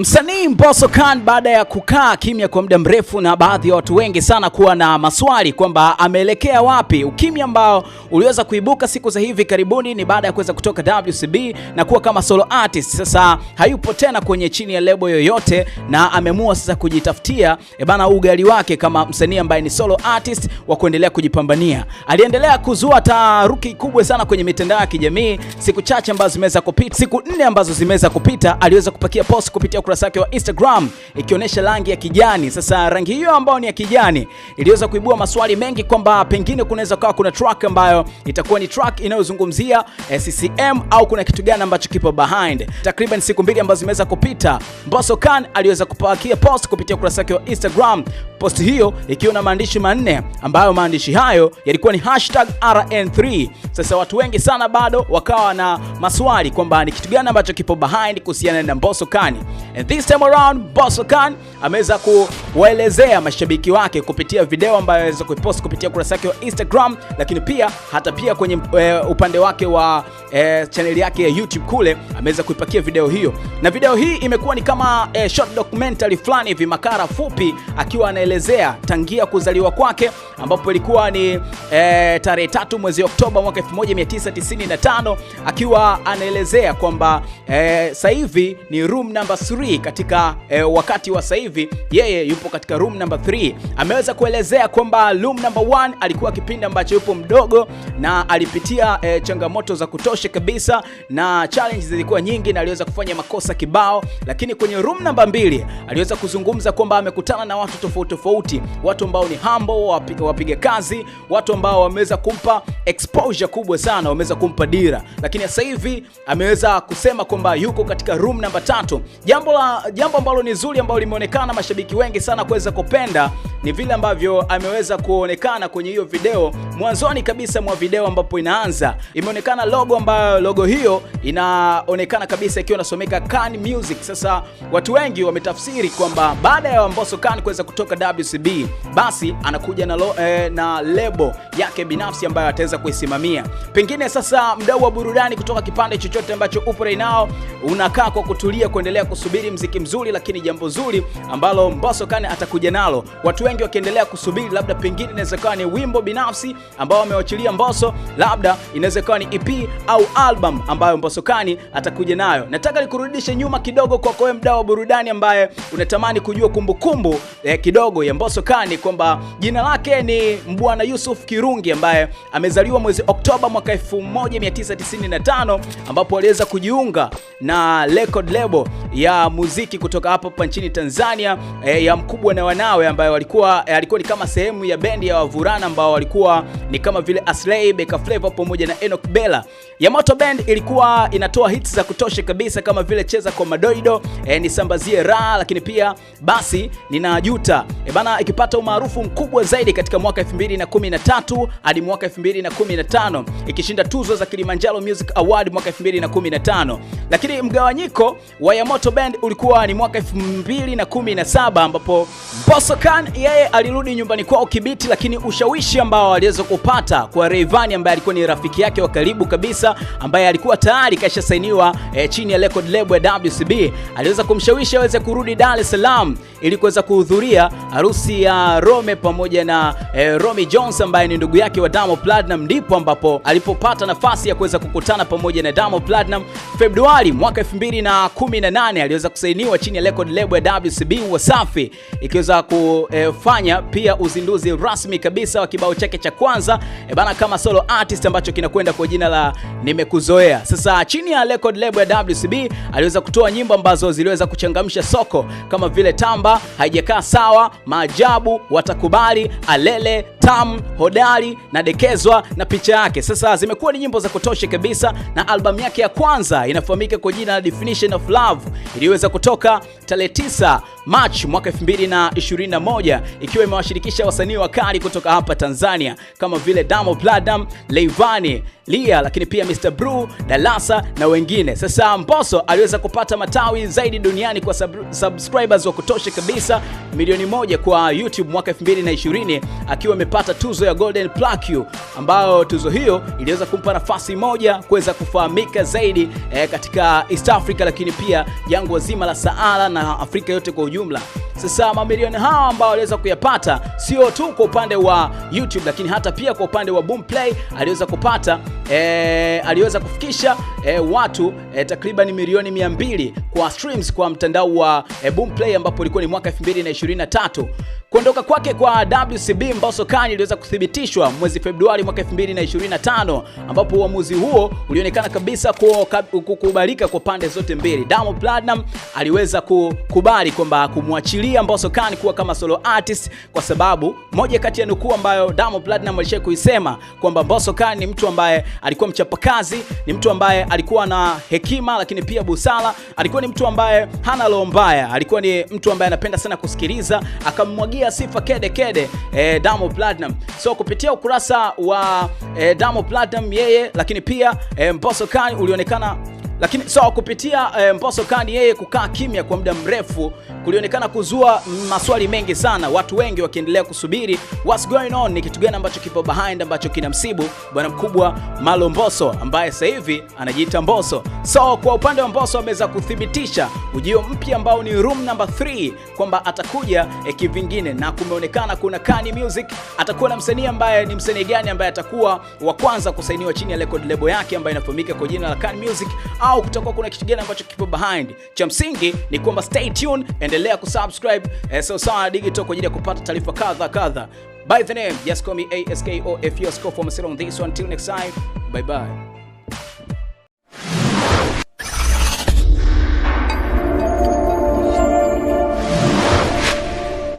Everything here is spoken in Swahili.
Msanii Mbosso Khan baada ya kukaa kimya kwa muda mrefu na baadhi ya watu wengi sana kuwa na maswali kwamba ameelekea wapi. Ukimya ambao uliweza kuibuka siku za hivi karibuni ni baada ya kuweza kutoka WCB na kuwa kama solo artist. Sasa hayupo tena kwenye chini ya lebo yoyote na ameamua sasa kujitafutia e bana ugali wake kama msanii ambaye ni solo artist wa kuendelea kujipambania. Aliendelea kuzua taharuki kubwa sana kwenye mitandao ya kijamii siku chache ambazo zimeweza kupita, siku nne ambazo zimeweza kupita aliweza kupakia post kupitia ukurasa wake wa Instagram ikionyesha rangi ya kijani. Sasa rangi hiyo ambayo ni ya kijani iliweza kuibua maswali mengi kwamba pengine kunaweza kuwa kuna track ambayo itakuwa ni track inayozungumzia eh, CCM au kuna kitu gani ambacho kipo behind. Takriban siku mbili ambazo zimeweza kupita, Mbosso Khan aliweza kupakia post kupitia ukurasa wake wa Instagram, post hiyo ikiwa na maandishi manne ambayo maandishi hayo yalikuwa ni hashtag RN3. Sasa watu wengi sana bado wakawa na maswali kwamba ni kitu gani ambacho kipo behind kuhusiana na Mbosso Khan. And this time around Boso Khan ameweza kuwaelezea mashabiki wake kupitia video ambayo aweza kuipost kupitia ukurasa wake wa Instagram, lakini pia hata pia kwenye e, upande wake wa e, eh, chaneli yake ya YouTube kule ameweza kuipakia video hiyo, na video hii imekuwa ni kama e, short documentary fulani hivi, makara fupi, akiwa anaelezea tangia kuzaliwa kwake, ambapo ilikuwa ni e, tarehe tatu mwezi Oktoba mwaka 1995 akiwa anaelezea kwamba e, sasa hivi ni room number 3 katika e, wakati wa sasa hivi yeye yupo katika room number 3. Ameweza kuelezea kwamba room number 1 alikuwa kipindi ambacho yupo mdogo na alipitia e, changamoto za kutosha kabisa na challenge zilikuwa nyingi na aliweza kufanya makosa kibao, lakini kwenye room number mbili aliweza kuzungumza kwamba amekutana na watu tofauti tofauti, watu ambao ni humble, wapiga, wapiga kazi, watu ambao wameweza kumpa exposure kubwa sana, wameweza kumpa dira, lakini sasa hivi ameweza kusema kwamba yuko katika room number tatu, Jambo la Ila jambo ambalo ni zuri ambalo limeonekana mashabiki wengi sana kuweza kupenda ni vile ambavyo ameweza kuonekana kwenye hiyo video mwanzoni kabisa mwa video ambapo inaanza imeonekana logo ambayo logo hiyo inaonekana kabisa ikiwa inasomeka Kan Music. Sasa watu wengi wametafsiri kwamba baada ya Mbosso Kan kuweza kutoka WCB, basi anakuja na, lo, eh, na lebo yake binafsi ambayo ataweza kuisimamia. Pengine sasa mdau wa burudani kutoka kipande chochote ambacho upo right now unakaa kwa kutulia kuendelea kusubiri mziki mzuri, lakini jambo zuri ambalo Mbosso Kan atakuja nalo, watu wengi wakiendelea kusubiri, labda pengine inaweza kuwa ni wimbo binafsi ambao amewachilia Mbosso, labda inawezekana ni EP au album ambayo kani atakuja nayo. Nataka nikurudishe nyuma kidogo kwako wewe mdau wa burudani ambaye unatamani kujua kumbukumbu kumbu, eh, kidogo ya Mbosso Kani kwamba jina lake ni Mbwana Yusuf Kirungi ambaye amezaliwa mwezi Oktoba mwaka 1995 ambapo aliweza kujiunga na record label ya muziki kutoka hapa hapa nchini Tanzania e, ya Mkubwa na Wanawe ambaye walikuwa e, alikuwa ni kama sehemu ya bendi ya wavurana ambao walikuwa ni kama vile Aslay, Beka Flavor pamoja na Enoch Bella. Yamato Band ilikuwa inatoa hits za kutosha kabisa kama vile Cheza kwa Madoido, e, Nisambazie Raha, lakini pia Basi Ninajuta. E, bana ikipata umaarufu mkubwa zaidi katika mwaka 2013 hadi mwaka 2015 ikishinda tuzo za Kilimanjaro Music Award mwaka 2015. Lakini mgawanyiko wa Yamato Moto Band ulikuwa ni mwaka 2017 ambapo Mbosso Khan yeye alirudi nyumbani kwao Kibiti, lakini ushawishi ambao aliweza kupata kwa Rayvanny ambaye alikuwa ni rafiki yake wa karibu kabisa ambaye alikuwa tayari kasha sainiwa e, chini ya record label ya WCB aliweza kumshawishi aweze kurudi Dar es Salaam ili kuweza kuhudhuria harusi ya Rome pamoja na e, Romy Jones ambaye ni ndugu yake wa Diamond Platinum, ndipo ambapo alipopata nafasi ya kuweza kukutana pamoja na Diamond Platinum Februari mwaka 2018. na nane aliweza kusainiwa chini ya record label ya WCB Wasafi, ikiweza kufanya pia uzinduzi rasmi kabisa wa kibao chake cha kwanza e bana, kama solo artist ambacho kinakwenda kwa jina la Nimekuzoea. Sasa chini ya record label ya WCB aliweza kutoa nyimbo ambazo ziliweza kuchangamsha soko kama vile Tamba, Haijakaa Sawa, Maajabu, Watakubali, Alele Tam, Hodari na Dekezwa na picha yake. Sasa zimekuwa ni nyimbo za kutosha kabisa, na albamu yake ya kwanza inafahamika kwa jina la Definition of Love iliweza kutoka tarehe 9 Machi mwaka 2021 ikiwa imewashirikisha wasanii wakali kutoka hapa Tanzania kama vile Damo bladam Leivani, Lia, lakini pia Mr bru Dalasa na wengine. Sasa mboso aliweza kupata matawi zaidi duniani kwa sub subscribers wa kutosha kabisa milioni moja kwa YouTube mwaka 2020 akiwa amepata tuzo ya Golden Plaque ambayo tuzo hiyo iliweza kumpa nafasi moja kuweza kufahamika zaidi e, katika East Africa, lakini pia jangwa zima la Sahara na Afrika yote kwa ujumla. Sasa mamilioni hawa ambao waliweza kuyapata sio tu kwa upande wa YouTube, lakini hata pia kwa upande wa Boomplay aliweza kupata e, aliweza kufikisha e, watu e, takriban milioni mbili kwa streams kwa mtandao wa e, Boomplay ambapo ilikuwa ni mwaka 2023. Kuondoka kwake kwa WCB Mbosso Kani iliweza kuthibitishwa mwezi Februari mwaka 2025 ambapo uamuzi huo ulionekana kabisa kukubalika kwa pande zote mbili. Diamond Platnumz aliweza kukubali kwamba kumwachilia Mbosso Kani kuwa kama solo artist kwa sababu moja kati ya nukuu ambayo Diamond Platnumz alishia kuisema kwamba Mbosso Kani ni mtu ambaye alikuwa mchapakazi, ni mtu ambaye alikuwa na hekima lakini pia busara, alikuwa ni mtu ambaye hana roho mbaya, alikuwa ni mtu ambaye anapenda sana kusikiliza akamwagia amempatia sifa kede kede e, Damo Platinum. So kupitia ukurasa wa e, Damo Platinum yeye, lakini pia e, Mbosso Kani ulionekana lakini so kupitia eh, mposo Khan yeye kukaa kimya kwa muda mrefu kulionekana kuzua maswali mengi sana, watu wengi wakiendelea kusubiri what's going on, ni kitu gani ambacho kipo behind ambacho kina msibu bwana mkubwa Malo Mbosso ambaye sasa hivi anajiita mboso So kwa upande wa mboso ameweza kuthibitisha ujio mpya ambao ni room number 3 kwamba atakuja e, kivingine, na kumeonekana kuna Kani Music atakuwa na msanii ambaye ni msanii gani ambaye atakuwa wa kwanza kusainiwa chini ya record label yake ambayo inafahamika kwa jina la Kani Music au kutakuwa kuna kitu gani ambacho kipo behind. Cha msingi ni kwamba stay tuned, endelea kusubscribe eh, na Digital kwa ajili ya kupata taarifa kadha kadha. By the name, just call me ASKOFUSKO for on this one. Till next time, bye bye.